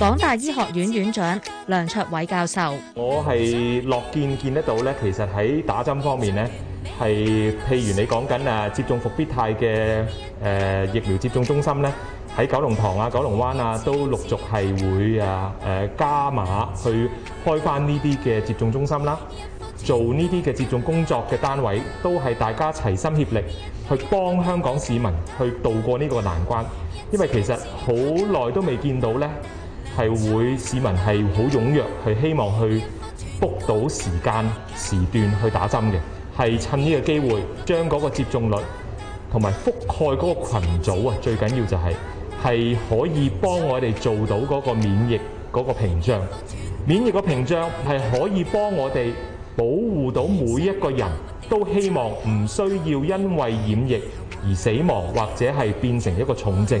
港大醫學院院長，梁卓偉教授。係會市民係好踴躍，係希望去 book 到時間時段去打針嘅，係趁呢個機會將嗰個接種率同埋覆蓋嗰個羣組啊，最緊要就係係可以幫我哋做到嗰個免疫嗰個屏障，免疫個屏障係可以幫我哋保護到每一個人都希望唔需要因為染疫而死亡或者係變成一個重症。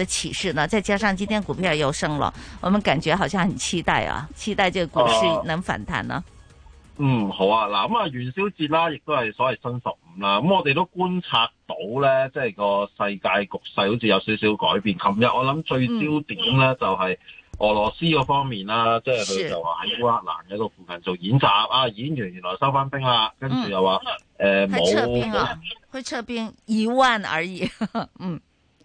啟示呢？再加上今天股票又升了，我們感覺好像很期待啊！期待這個股市能反彈呢、啊啊。嗯，好啊，嗱，咁啊元宵節啦、啊，亦都係所謂新十五啦、啊，咁、嗯、我哋都觀察到咧，即係個世界局勢好似有少少改變。琴日我諗最焦點咧就係俄羅斯嗰方面啦、啊嗯，即係佢就話喺烏克蘭一個附近做演習啊，演員原來收翻兵啦、啊，跟住又話誒冇會撤兵啊， 會撤兵一萬而已，嗯。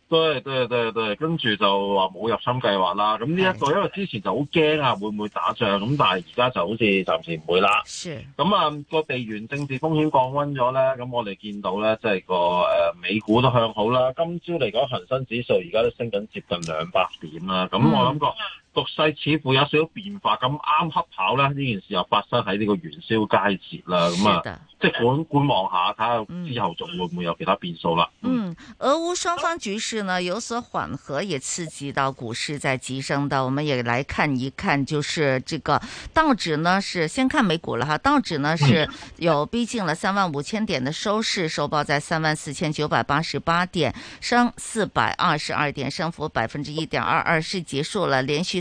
對對對對，跟住就話冇入侵計劃啦。咁呢一個，因為之前就好驚啊，會唔會打仗？咁但係而家就好似暫時唔會啦。是。咁啊，個地緣政治風險降溫咗呢。咁我哋見到呢，即、就、係、是、個誒、呃、美股都向好啦。今朝嚟講，恒生指數而家都升緊接近兩百點啦。咁我諗過。嗯局勢似乎有少變化，咁啱恰跑啦！呢件事又發生喺呢個元宵佳節啦，咁啊，即係觀觀望下，睇下之後仲會唔會有其他變數啦。嗯，俄烏雙方局勢呢有所緩和，也刺激到股市在急升的。我們也來看一看，就是這個道指呢，是先看美股了哈，道指呢是有逼近了三萬五千點的收市，收報在三萬四千九百八十八點，升四百二十二點，升幅百分之一點二，二是結束了連續。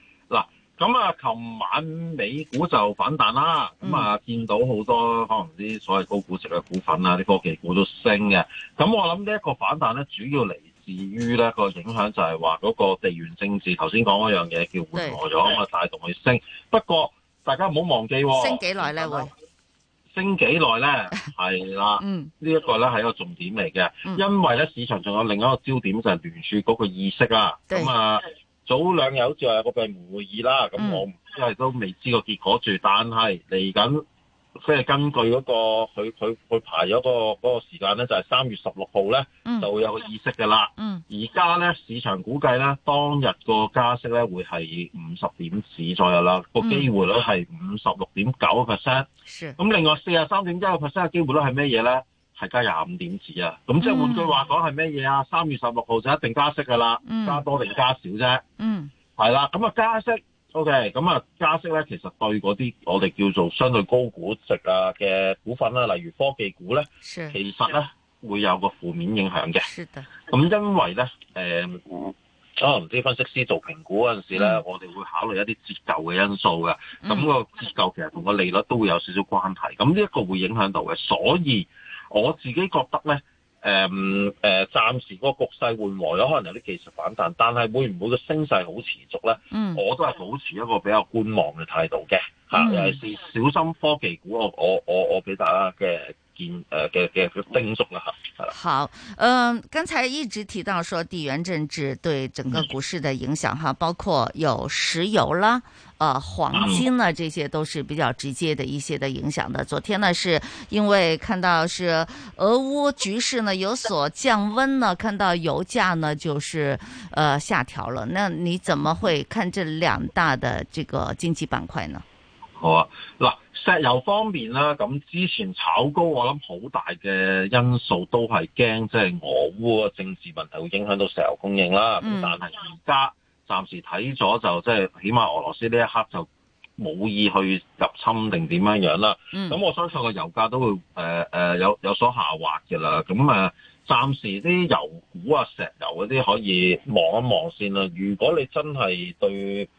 咁啊，琴晚美股就反彈啦，咁啊、嗯、見到好多可能啲所謂高估值嘅股份啊，啲科技股都升嘅。咁我諗呢一個反彈咧，主要嚟自於咧個影響，就係話嗰個地緣政治頭先講嗰樣嘢叫緩和咗，咁啊帶動佢升。不過大家唔好忘記、哦，升幾耐咧會？升幾耐咧？係 啦是的，呢 一個咧係一個重點嚟嘅、嗯，因為咧市場仲有另一個焦點就係、是、聯儲嗰個意識啊，咁啊。早兩日好似話有個閉門會議啦，咁我因為、嗯、都未知個結果住，但係嚟緊即係根據嗰、那個佢佢佢排咗個嗰個時間咧，就係、是、三月十六號咧，就會有個意識噶啦。而家咧市場估計咧當日個加息咧會係五十點子左右啦，個機會率係五十六點九 percent。咁，另外四十三點一個 percent 嘅機會率係咩嘢咧？係加廿五點子啊！咁即係換句話講，係咩嘢啊？三、嗯、月十六號就一定加息噶啦、嗯，加多定加少啫、啊。嗯，係啦，咁啊加息，O.K. 咁啊加息咧，其實對嗰啲我哋叫做相對高估值啊嘅股份啦、啊，例如科技股咧，其實咧會有個負面影響嘅。咁因為咧，誒、嗯，可能啲分析師做評估嗰陣時咧、嗯，我哋會考慮一啲折舊嘅因素嘅。咁個折舊其實同個利率都會有少少關係。咁呢一個會影響到嘅，所以。我自己覺得咧，誒、嗯、誒、呃，暫時個局勢緩和咗，可能有啲技術反彈，但係會唔會個升勢好持續咧？嗯，我都係保持一個比較觀望嘅態度嘅、嗯，尤其是小心科技股，我我我我俾大家嘅建誒嘅嘅叮囑啦，係啦，好，嗯、呃，剛才一直提到說地緣政治對整個股市嘅影響，哈、嗯，包括有石油啦。呃，黃金呢，這些都是比較直接的一些的影響的。昨天呢，是因為看到是俄烏局勢呢有所降溫呢，看到油價呢就是呃下調了。那你怎麼會看這兩大的這個經濟板塊呢？好啊，嗱，石油方面啦，咁之前炒高，我諗好大嘅因素都係驚即係俄烏政治問題會影響到石油供應啦。咁，嗯，但係而家。暫時睇咗就即係，起碼俄羅斯呢一刻就冇意去入侵定點樣樣啦。咁、嗯、我相信個油價都會、呃呃、有有所下滑嘅啦。咁啊，暫時啲油股啊、石油嗰啲可以望一望先啦。如果你真係對、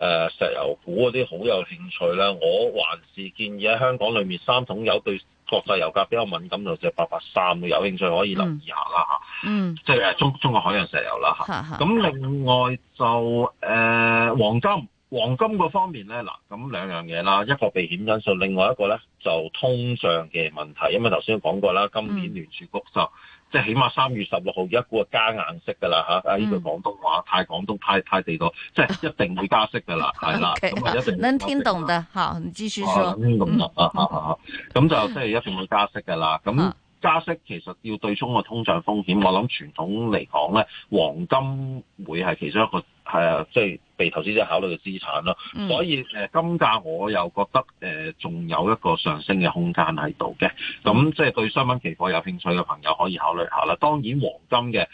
呃、石油股嗰啲好有興趣咧，我還是建議喺香港裏面三桶油對。國際油價比較敏感，就係八八三，有興趣可以留意下啦嚇。嗯，即係中中國海洋石油啦嚇。咁、嗯、另外就誒、呃、黃金，黃金個方面咧嗱，咁兩樣嘢啦，一個避險因素，另外一個咧就通脹嘅問題，因為頭先講過啦，今年聯儲局就。即係起碼三月十六號，有一個加顏色㗎啦啊，呢、嗯、句廣東話太廣東、太太地道，即係一定會加息㗎啦，係、啊、啦，咁啊一定能聽懂的嚇、啊，你繼續咁啊，嗯嗯、啊，啊啊咁、啊啊啊嗯、就即係一定會加息㗎啦。咁、啊、加息其實要對沖個通脹風險，啊、我諗傳統嚟講咧，黃金會係其中一個。係啊，即係被投資者考慮嘅資產咯、嗯，所以誒金價我又覺得誒仲有一個上升嘅空間喺度嘅，咁即係對商品期貨有興趣嘅朋友可以考慮下啦。當然黃金嘅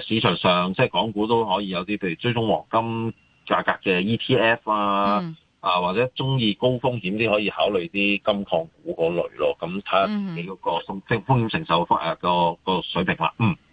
誒市場上即係港股都可以有啲，譬如追蹤黃金價格嘅 ETF 啊，嗯、啊或者中意高風險啲可以考慮啲金礦股嗰類咯，咁睇下你嗰個風險險承受方誒、啊、個個水平啦，嗯。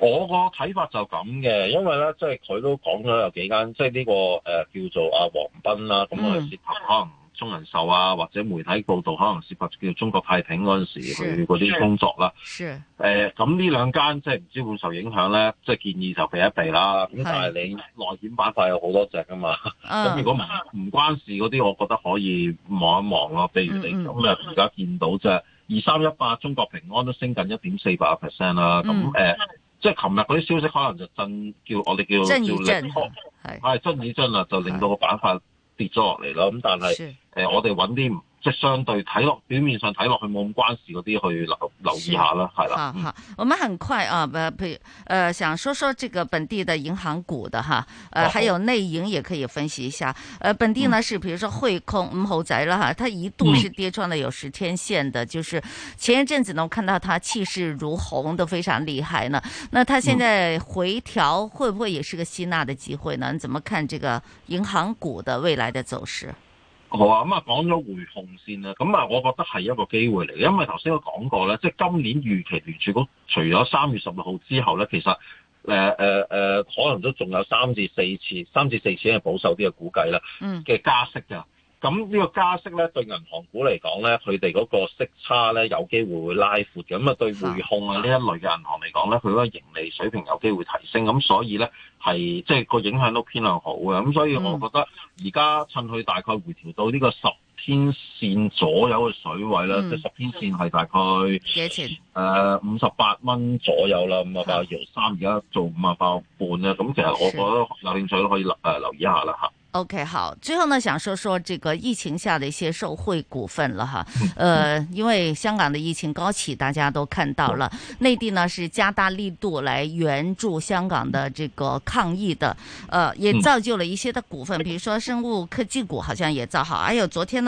我個睇法就咁嘅，因為咧，即係佢都講咗有幾間，即係、這、呢個誒、呃、叫做阿、啊、黃斌啦，咁哋涉及可能中人壽啊，或者媒體報導可能涉及叫中國太平嗰陣時去嗰啲工作啦。咁、sure. 呢、sure. sure. 呃、兩間即係唔知會受影響咧，即係建議就避一避啦。咁但係你內險板塊有好多隻噶嘛，咁 如果唔唔、uh. 關事嗰啲，我覺得可以望一望咯。譬如你咁日而家見到啫，二三一八中國平安都升緊一點四八個 percent 啦。咁即係琴日嗰啲消息，可能就震叫我哋叫正正叫令，係真與真啊，就令到個板塊跌咗落嚟咯。咁但係誒、呃，我哋搵啲。即相對睇落，表面上睇落去冇咁關事嗰啲去留留意一下啦，係啦。好好，我們很快啊，唔，譬、呃、如想說說這個本地的銀行股的哈，呃、哦、還有內銀也可以分析一下。呃本地呢是，比如說匯控、嗯、五號仔啦，哈，它一度是跌穿了有十天線的、嗯，就是前一陣子呢，我看到它氣勢如虹都非常厲害呢。那它現在回調，會不會也是個吸納的機會呢？你怎麼看這個銀行股的未來的走勢？好啊，咁啊，講咗回控線啊，咁啊，我覺得係一個機會嚟嘅，因為頭先我講過咧，即係今年預期聯儲局除咗三月十六號之後咧，其實誒誒、呃呃、可能都仲有三至四次，三至四次係保守啲嘅估計啦，嘅加息㗎。咁呢個加息咧，對銀行股嚟講咧，佢哋嗰個息差咧有機會會拉闊嘅。咁啊，對匯控啊呢一類嘅銀行嚟講咧，佢嗰個盈利水平有機會提升。咁所以咧係即係個影響都偏向好嘅。咁所以我覺得而家趁佢大概回調到呢個十天線左右嘅水位啦、嗯，即十天線係大概，誒五十八蚊左右啦，五啊八二三，而家做五十八半啦，咁其實我覺得牛年水都可以留誒留意一下啦吓。OK 好，最後呢想說說這個疫情下的一些受惠股份啦哈、 呃，因為香港的疫情高企，大家都看到了，內、嗯、地呢是加大力度來援助香港的這個抗疫的，呃、也造就了一些的股份、嗯，比如說生物科技股好像也造好，還、哎、有昨天呢。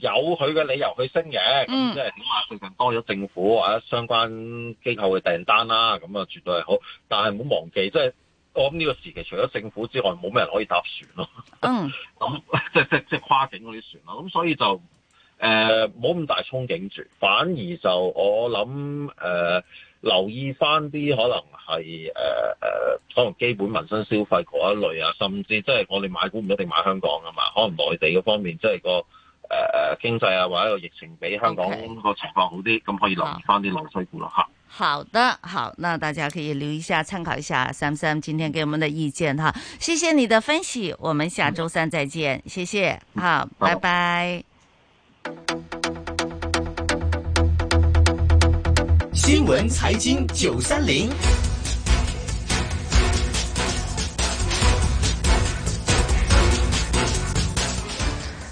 有佢嘅理由去升嘅，咁即係點話最近多咗政府或者相關機構嘅訂單啦，咁啊絕對係好。但係唔好忘記，即係我諗呢個時期除咗政府之外，冇咩人可以搭船咯。嗯，咁即係即係即係跨境嗰啲船咯。咁所以就誒冇咁大憧憬住，反而就我諗誒、呃、留意返啲可能係誒、呃、可能基本民生消費嗰一類啊，甚至即係我哋買股唔一定買香港㗎嘛，可能內地嗰方面即係個。誒、呃，經濟啊，或者個疫情比香港個、okay. 嗯、情況好啲，咁可以留翻啲流水股落。吓，好的，好，那大家可以留意一下，參考一下 Sam Sam 今天給我們的意見哈。謝謝你的分析，我們下周三再見，嗯，謝謝，好，拜拜。嗯、拜拜。新聞財經九三零。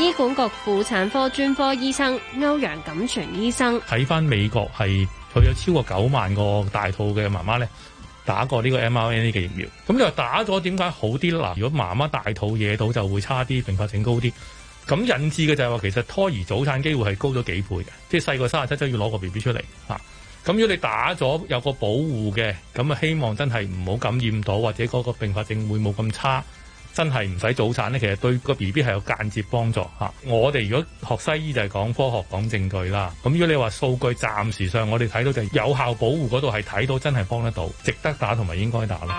醫管局婦產科專科醫生歐陽錦泉醫生：睇翻美國係佢有超過九萬個大肚嘅媽媽咧打過呢個 mRNA 嘅疫苗，咁就打咗點解好啲咧，啊？如果媽媽大肚惹到就會差啲，併發症高啲。咁引致嘅就係話，其實胎兒早產機會係高咗幾倍嘅，即係細個卅七周要攞個 B B 出嚟吓。咁如果你打咗有個保護嘅，咁啊希望真係唔好感染到，或者嗰個併發症會冇咁差。真係唔使早產咧，其實對個 B B 係有間接幫助嚇。我哋如果學西醫就係講科學講證據啦。咁如果你話數據暫時上我，我哋睇到就係有效保護嗰度係睇到真係幫得到，值得打同埋應該打咯。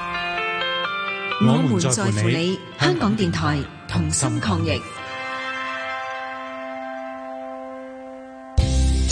我們在乎你，香港電台同心抗疫。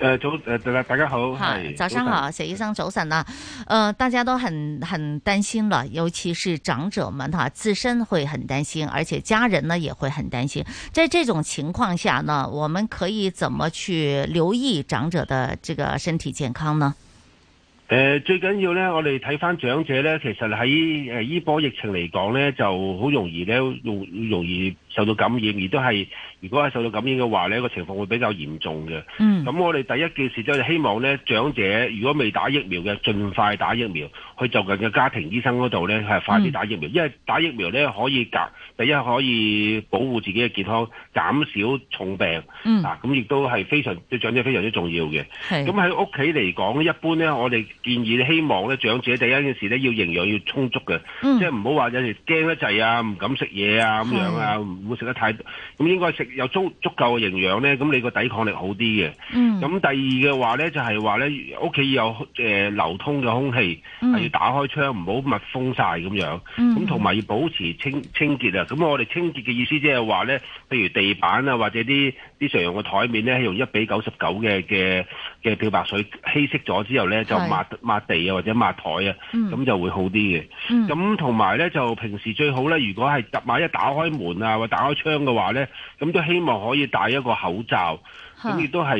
呃、早、呃、大家好，係早上好，佘醫生早晨啦、啊呃。大家都很很擔心了，尤其是長者們，哈自身會很擔心，而且家人呢也會很擔心。在這種情況下呢，我們可以怎麼去留意長者的這個身體健康呢？呃、最緊要呢，我哋睇返長者呢，其實喺誒呢波疫情嚟講呢，就好容易呢。容易容易。受到感染而都係，如果係受到感染嘅話咧，呢個情況會比較嚴重嘅。嗯，咁我哋第一件事就係希望咧，長者如果未打疫苗嘅，儘快打疫苗，去就近嘅家庭醫生嗰度咧，係快啲打疫苗，嗯。因為打疫苗咧可以隔，第一可以保護自己嘅健康，減少重病。嗯，啊，咁亦都係非常對長者非常之重要嘅。咁喺屋企嚟講，一般咧，我哋建議希望咧長者第一件事咧要營養要充足嘅，嗯，即係唔好話有時驚得滯啊，唔敢食嘢啊咁樣啊。唔會食得太多，咁應該食有足足夠嘅營養咧，咁你個抵抗力好啲嘅。咁、嗯、第二嘅話咧，就係話咧屋企有誒、呃、流通嘅空氣，係、嗯、要打開窗，唔好密封晒咁樣。咁同埋要保持清清潔啊。咁、嗯、我哋清潔嘅意思即係話咧，譬如地板啊，或者啲啲常用嘅台面咧，係用一比九十九嘅嘅嘅漂白水稀釋咗之後咧，就抹抹地啊或者抹台啊，咁、嗯、就會好啲嘅。咁同埋咧，就平時最好咧，如果係萬一打開門啊或者打開窗嘅話咧，咁都希望可以戴一個口罩。咁亦都係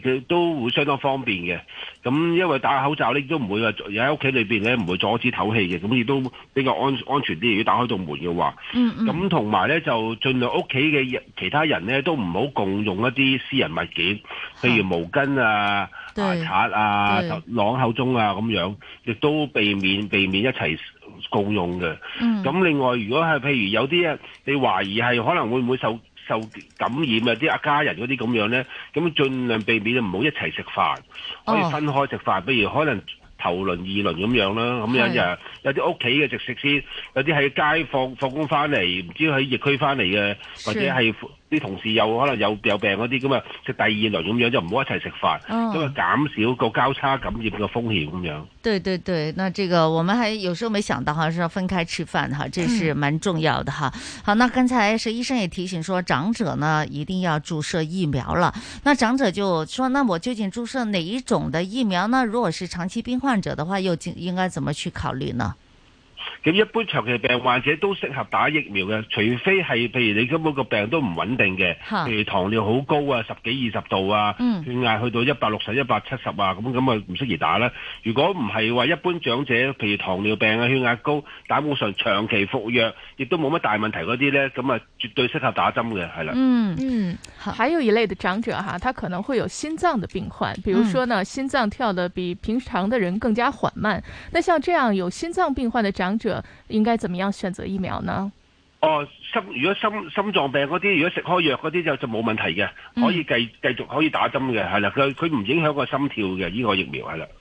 佢都會相當方便嘅，咁因為戴口罩咧都唔會話又喺屋企裏邊咧唔會阻止透氣嘅，咁亦都比較安安全啲，如果打開道門嘅話，咁同埋咧就盡量屋企嘅其他人咧都唔好共用一啲私人物件，譬、嗯、如毛巾啊、牙刷啊，朗、啊、口中啊咁樣，亦都避免避免一齊共用嘅。咁、嗯、另外，如果係譬如有啲啊，你懷疑係可能會唔會受受感染啊，啲一家人嗰啲咁樣咧，咁盡量避免唔好一齊食飯，可以分開食飯，oh. 比如可能頭輪二輪咁樣啦，咁樣就有啲屋企嘅直食先，有啲喺街放放工翻嚟，唔知喺疫區翻嚟嘅，或者係啲同事又可能有有病嗰啲咁啊，就第二輪咁樣就唔好一齊食飯，因、哦、就減少個交叉感染嘅風險咁樣。對對對，那這個我們還有時候沒想到哈，是分開吃飯哈，這是蠻重要的哈、嗯。好，那剛才佘醫生也提醒說，長者呢一定要注射疫苗了。那長者就說，那我究竟注射哪一種的疫苗呢？如果是長期病患者的話，又應應該怎麼去考慮呢？咁一般長期病患者都適合打疫苗嘅，除非係譬如你根本個病都唔穩定嘅，譬如糖尿好高啊，十幾二十度啊、嗯、壓一百七十啊，血壓去到一百六十一百七十啊，咁咁咪唔適宜打啦。如果唔係話一般長者，譬如糖尿病啊、血壓高、膽固醇長期服藥，亦都冇乜大問題嗰啲呢，咁啊絕對適合打針嘅，係啦。嗯嗯，好。還有一類的長者哈，他可能會有心臟的病患，譬如說呢、嗯，心臟跳得比平常的人更加緩慢。那像這樣有心臟病患的長者，應該怎麼樣選擇疫苗呢？哦，心如果心心臟病嗰啲，如果食開藥嗰啲就就冇問題嘅，可以繼繼續可以打針嘅，係啦，佢佢唔影響個心跳嘅呢，這個疫苗係啦。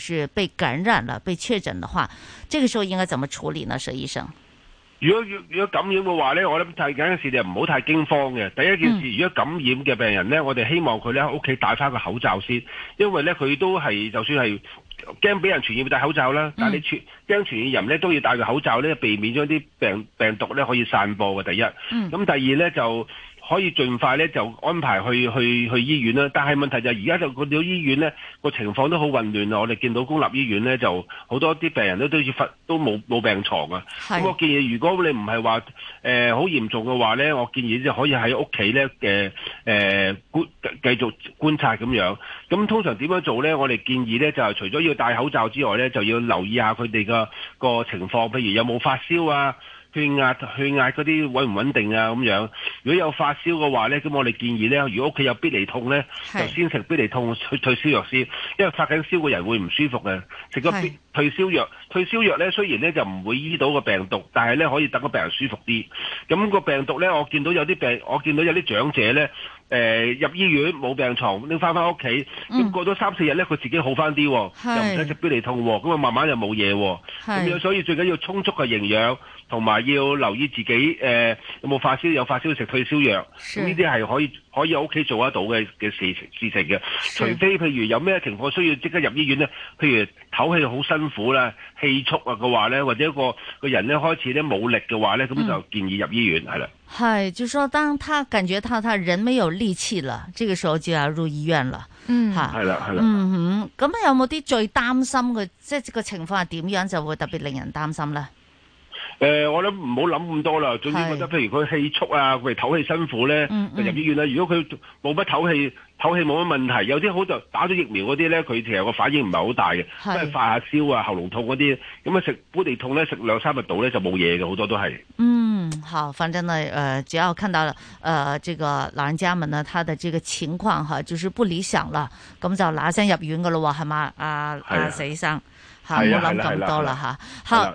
是被感染了，被確診的話，這個時候應該怎麼處理呢？佘醫生，如果如果感染嘅話呢，我諗第一件事就唔好太驚慌嘅。第一件事，嗯、如果感染嘅病人呢，我哋希望佢咧喺屋企戴翻個口罩先，因為呢，佢都係就算係驚俾人傳染，戴口罩啦，嗯。但係你傳驚傳染人呢，都要戴個口罩呢，避免將啲病病毒呢可以散播嘅。第一，咁，嗯、第二呢，就。可以盡快咧就安排去去去醫院啦，但係問題就係而家就個啲醫院咧個情況都好混亂啊！我哋見到公立醫院咧就好多啲病人都都似都冇冇病床啊。咁我建議如果你唔係話誒好嚴重嘅話咧，我建議就可以喺屋企咧嘅誒觀繼續觀察咁樣。咁通常點樣做咧？我哋建議咧就除咗要戴口罩之外咧，就要留意下佢哋嘅個情況，譬如有冇發燒啊。血壓、血壓嗰啲穩唔穩定啊？咁樣，如果有發燒嘅話咧，咁我哋建議咧，如果屋企有必利痛咧，就先食必利痛退退燒藥先，因為發緊燒嘅人會唔舒服嘅，食個退燒藥。退燒藥咧，雖然咧就唔會醫到個病毒，但係咧可以等個病人舒服啲。咁、那個病毒咧，我見到有啲病，我見到有啲長者咧，誒、呃、入醫院冇病床，拎翻翻屋企，咁過咗三四日咧，佢自己好翻啲、嗯，又唔使食必利痛喎，咁啊慢慢又冇嘢。咁樣，所以最緊要充足嘅營養。同埋要留意自己，誒、呃、有冇發燒？有發燒食退燒藥。咁呢啲係可以可以喺屋企做得到嘅嘅事事情嘅。除非譬如有咩情況需要即刻入醫院咧，譬如唞氣好辛苦啦、氣促啊嘅話咧，或者一個一個人咧開始咧冇力嘅話咧，咁就建議入醫院係啦。係，就說當他感覺他他人沒有力氣啦，這個時候就要入醫院啦。嗯，係啦，係啦。嗯哼，咁有冇啲最擔心嘅，即係個情況係點樣就會特別令人擔心咧？誒、呃，我諗唔好諗咁多啦，總之覺得譬如佢氣促啊，譬如唞氣辛苦咧，嗯嗯入醫院啦。如果佢冇乜唞氣，唞氣冇乜問題，有啲好就打咗疫苗嗰啲咧，佢其實個反應唔係好大嘅，即係發下燒啊、喉嚨痛嗰啲，咁啊食本地痛咧，食兩三日度咧就冇嘢嘅，好多都係。嗯，好，反正呢，誒、呃，只要看到了，誒、呃，這個老人家們呢，他的這個情況哈，就是不理想了，咁就嗱聲入院噶咯喎，係嘛、啊，阿阿佘醫生，吓，唔諗咁多啦吓，吓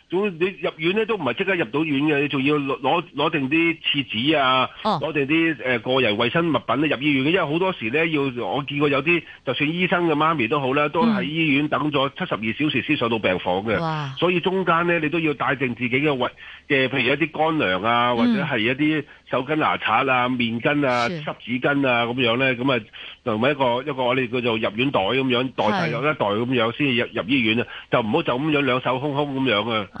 總你入院咧都唔係即刻入到院嘅，你仲要攞攞定啲廁紙啊，攞、oh. 定啲誒、呃、個人衛生物品咧入醫院嘅，因為好多時咧要我見過有啲，就算醫生嘅媽咪都好啦，都喺醫院等咗七十二小時先上到病房嘅、嗯。所以中間咧你都要帶定自己嘅衞嘅，譬如一啲乾糧啊，oh. 或者係一啲手巾牙刷啊、面巾啊、濕紙巾啊咁樣咧，咁啊同埋一個一個我哋叫做入院袋咁樣，袋曬有一袋咁樣先入入醫院啊，就唔好就咁樣兩手空空咁樣啊。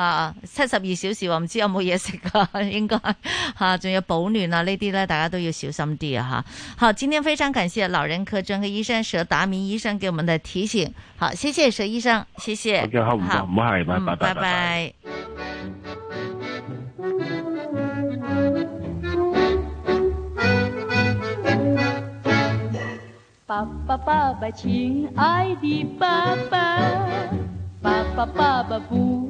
啊，七十二小時我唔知有冇嘢食噶，應該嚇，仲有保暖啊，呢啲咧大家都要小心啲啊，吓、啊，好，今天非常感謝老人科專科醫生佘達明醫生給我們的提醒，好，謝謝佘醫生，謝謝，好嘅，好唔該，唔好客氣，拜拜拜拜。爸爸爸爸，親愛的爸爸，爸爸爸爸不。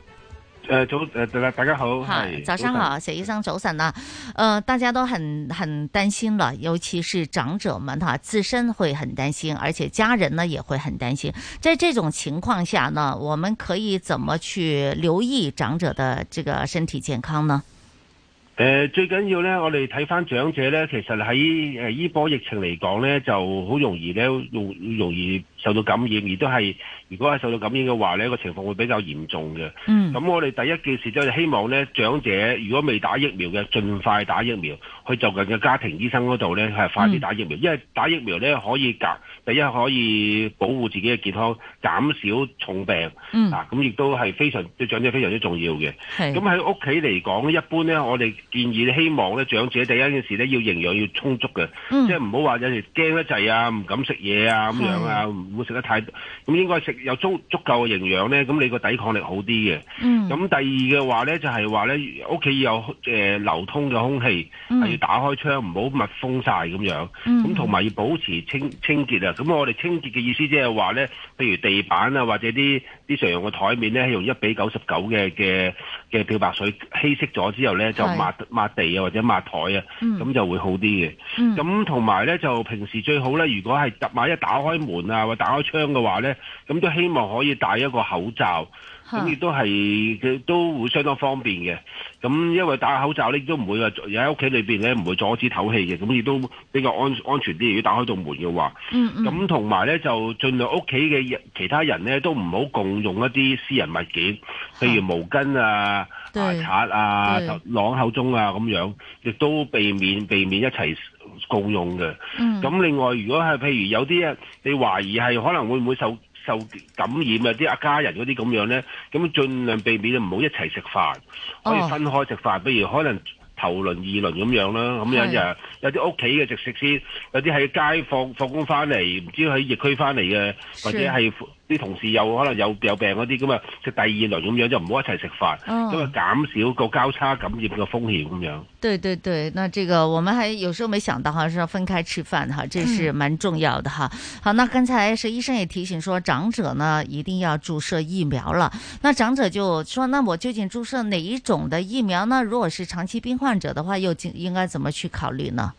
呃、早、呃、大家好。係早上好，佘醫生早晨啦、呃。大家都很很擔心了，尤其是長者們哈，自身會很擔心，而且家人呢也會很擔心。在這種情況下呢，我們可以怎麼去留意長者的這個身體健康呢？呃、最緊要呢，我哋睇返長者呢，其實喺誒呢波疫情嚟講呢，就好容易呢。容易容易。受到感染而都係，如果係受到感染嘅話咧，呢這個情況會比較嚴重嘅。嗯，咁我哋第一件事就係希望咧，長者如果未打疫苗嘅，儘快打疫苗。去就近嘅家庭醫生嗰度咧，係快啲打疫苗、嗯，因為打疫苗咧可以隔第一可以保護自己嘅健康，減少重病。嗯，咁、啊、亦都係非常對長者非常之重要嘅。咁喺屋企嚟講，一般咧，我哋建議希望咧長者第一件事咧要營養要充足嘅、嗯，即係唔好話有時驚得滯啊，唔敢食嘢啊咁樣啊。唔會食得太多，咁應該食有足足夠嘅營養咧，咁你個抵抗力好啲嘅。咁、嗯、第二嘅話咧，就係話咧屋企有誒、呃、流通嘅空氣，係、嗯、要打開窗，唔好密封晒咁樣。咁同埋要保持清清潔啊。咁我哋清潔嘅意思即係話咧，譬如地板啊，或者啲。啲常用嘅台面咧，係用一比九十九嘅嘅嘅漂白水稀釋咗之後咧，就抹抹地啊或者抹台啊，咁、嗯、就會好啲嘅。咁同埋咧，就平時最好咧，如果係突萬一打開門啊或打開窗嘅話咧，咁都希望可以戴一個口罩。咁亦都係，佢都會相當方便嘅。咁因為戴口罩咧，亦都唔會話喺屋企裏邊咧，唔會阻止透氣嘅。咁亦都比較安安全啲。如果打開道門嘅話，咁同埋咧就盡量屋企嘅其他人咧都唔好共用一啲私人物件，譬如毛巾啊、牙、嗯、刷啊，啊，啊、朗口中啊咁樣，亦都避免避免一齊共用嘅。咁、嗯、另外，如果係譬如有啲啊，你懷疑係可能會唔會受？就感染啊！啲一家人嗰啲咁樣咧，咁盡量避免唔好一齊食飯，可以分開食飯，oh. 比如可能頭輪二輪咁樣啦，咁樣就有啲屋企嘅直食先，有啲喺街放放工翻嚟，唔知喺疫區翻嚟嘅，或者係。啲同事又可能有有病嗰啲咁啊，即第二輪咁樣，就唔好一齊食飯，咁啊減少個交叉感染嘅風險咁樣。哦，對對對，那這個我們還有時候沒想到哈，要分開吃飯哈，這是蠻重要的哈，嗯。好，那剛才佘醫生也提醒說，長者呢一定要注射疫苗啦。那長者就說，那我究竟注射哪一種的疫苗呢？如果是長期病患者的話，又應應該怎麼去考慮呢？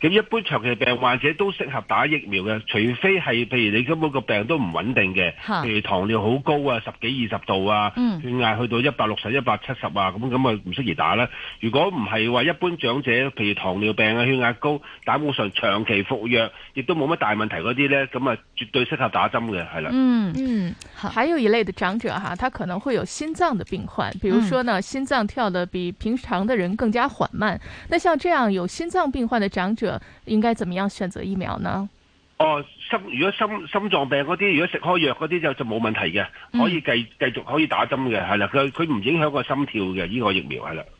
咁一般長期病患者都適合打疫苗嘅，除非係譬如你根本個病都唔穩定嘅，譬如糖尿好高啊，十幾二十度啊，嗯、血壓去到一百六十一百七十啊，咁咁啊唔適宜打啦。如果唔係話一般長者，譬如糖尿病啊、血壓高、膽固醇長期服藥，亦都冇乜大問題嗰啲呢，咁啊絕對適合打針嘅，係啦。嗯嗯，好，還有一類的長者哈，他可能會有心臟的病患，比如說呢、嗯，心臟跳得比平常的人更加緩慢。那像這樣有心臟病患的長者。應該怎麼樣選擇疫苗呢？哦，心如果心心臟病嗰啲，如果食開藥嗰啲就就冇問題嘅，可以繼繼續可以打針嘅，係啦，佢佢唔影響個心跳嘅呢、這個疫苗係啦。是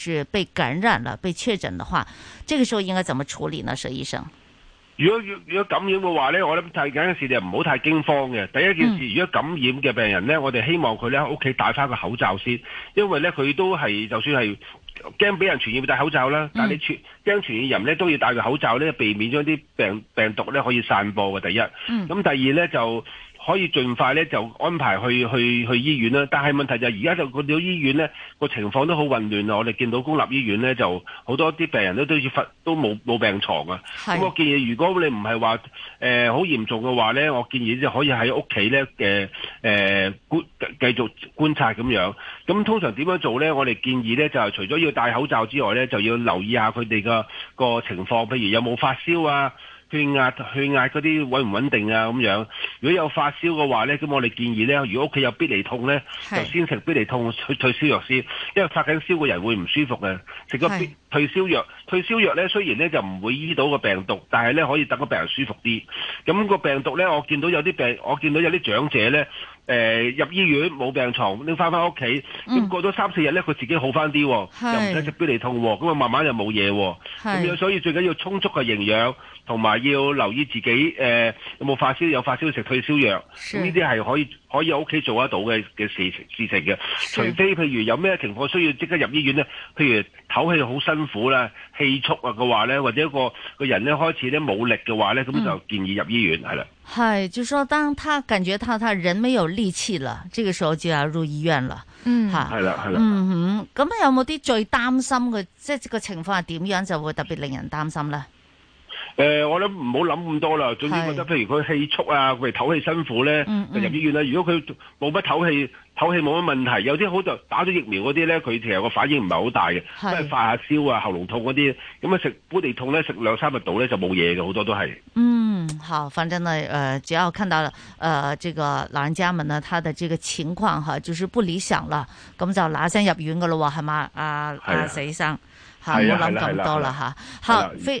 是被感染了、被確診的話，這個時候應該怎麼處理呢？佘醫生，如果如果感染嘅話呢我諗第一件事你唔好太驚慌嘅。第一件事，嗯、如果感染嘅病人呢，我哋希望佢咧喺屋企戴翻個口罩先，因為呢，佢都係就算係驚俾人傳染戴口罩，但你傳嗯、傳染人都要戴口罩啦。但係你傳驚傳染人呢，都要戴個口罩呢，避免咗啲病病毒呢可以散播嘅。第一，咁、嗯、第二呢就。可以盡快咧就安排去去去醫院啦，但係問題就係而家就個啲醫院咧個情況都好混亂啊！我哋見到公立醫院咧就好多啲病人都要發都要都冇冇病床啊。咁我建議如果你唔係話誒好嚴重嘅話咧，我建議就可以喺屋企咧誒繼續觀察咁樣。咁通常點樣做咧？我哋建議咧就係、除咗要戴口罩之外咧，就要留意下佢哋嘅個情況，譬如有冇發燒啊。血壓、血壓嗰啲穩唔穩定啊？咁樣如果有發燒嘅話咧，咁我哋建議咧，如果屋企有必理痛咧，就先食必理痛退退燒藥先，因為發緊燒個人會唔舒服嘅，食個退燒藥。退燒藥咧雖然咧就唔會醫到個病毒，但係咧可以等個病人舒服啲。咁個病毒咧，我見到有啲病，我見到有啲長者咧、呃，入醫院冇病床，拎翻翻屋企，過咗三四日咧，佢自己好翻啲、嗯，又唔使食必理痛，咁啊慢慢又冇嘢。咁樣所以最緊要充足嘅營養。同埋要留意自己，誒、呃、有冇發燒？有發燒食退燒藥，呢啲係可以可以喺屋企做得到嘅嘅事事情嘅。除非譬如有咩情況需要即刻入醫院咧，譬如唞氣好辛苦啦、氣促啊嘅話咧，或者一個一個人咧開始咧冇力嘅話咧，咁就建議入醫院係啦。係、嗯，就說當他感覺他他人沒有力氣啦，這個時候就要入醫院了。嗯，嚇，係啦，係啦。嗯哼，咁有冇啲最擔心嘅，即係個情況係點樣就會特別令人擔心咧？誒、呃，我諗唔好諗咁多啦，總之覺得譬如佢氣促啊，譬如唞氣辛苦咧，嗯嗯、入醫院啦。如果佢冇乜唞氣，唞氣冇乜問題，有啲好就打咗疫苗嗰啲咧，佢其實個反應唔係好大嘅，即係啊發下燒啊，喉嚨痛嗰啲，咁、嗯、啊食本地痛咧，食兩三日到咧就冇嘢嘅，好多都係。嗯，好，反正呢，誒、呃，只要看到，誒、呃，呢、這個老人家們呢，他的這個情況哈，就是不理想了，咁就嗱聲入院噶咯喎，係嘛，阿阿佘醫生，吓、啊，唔、啊、好諗咁、啊、多啦，吓、啊，吓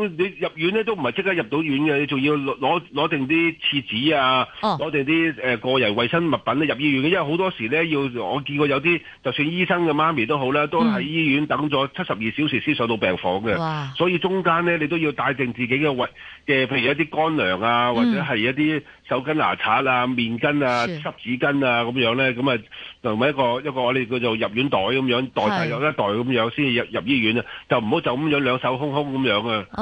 你入院咧都唔係即刻入到院嘅，你仲要攞攞定啲廁紙啊，攞、oh. 定啲誒、呃、個人衛生物品咧入醫院嘅，因為好多時咧要我見過有啲，就算醫生嘅媽咪都好啦，都喺醫院等咗七十二小時先上到病房嘅、嗯，所以中間咧你都要帶定自己嘅衞，譬如一啲乾糧啊，嗯、或者係一啲手巾牙刷啊、面巾啊、濕紙巾啊咁樣咧，咁啊同埋一個一個我哋叫做入院袋咁樣，袋曬入一袋咁樣先入入醫院啊，就唔好就咁樣兩手空空咁樣啊。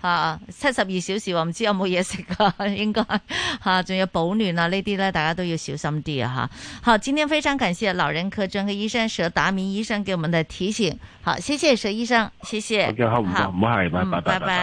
吓，七十二小時，我唔知有冇嘢食㗎？應該吓，仲有保暖啊，女呢啲咧大家都要小心啲啊，吓。好，今天非常感謝老人科專科醫生佘達明醫生給我們的提醒。好，謝謝佘醫生，謝謝。我就好嘅，好唔該。唔好客氣，拜拜拜拜。拜拜拜拜。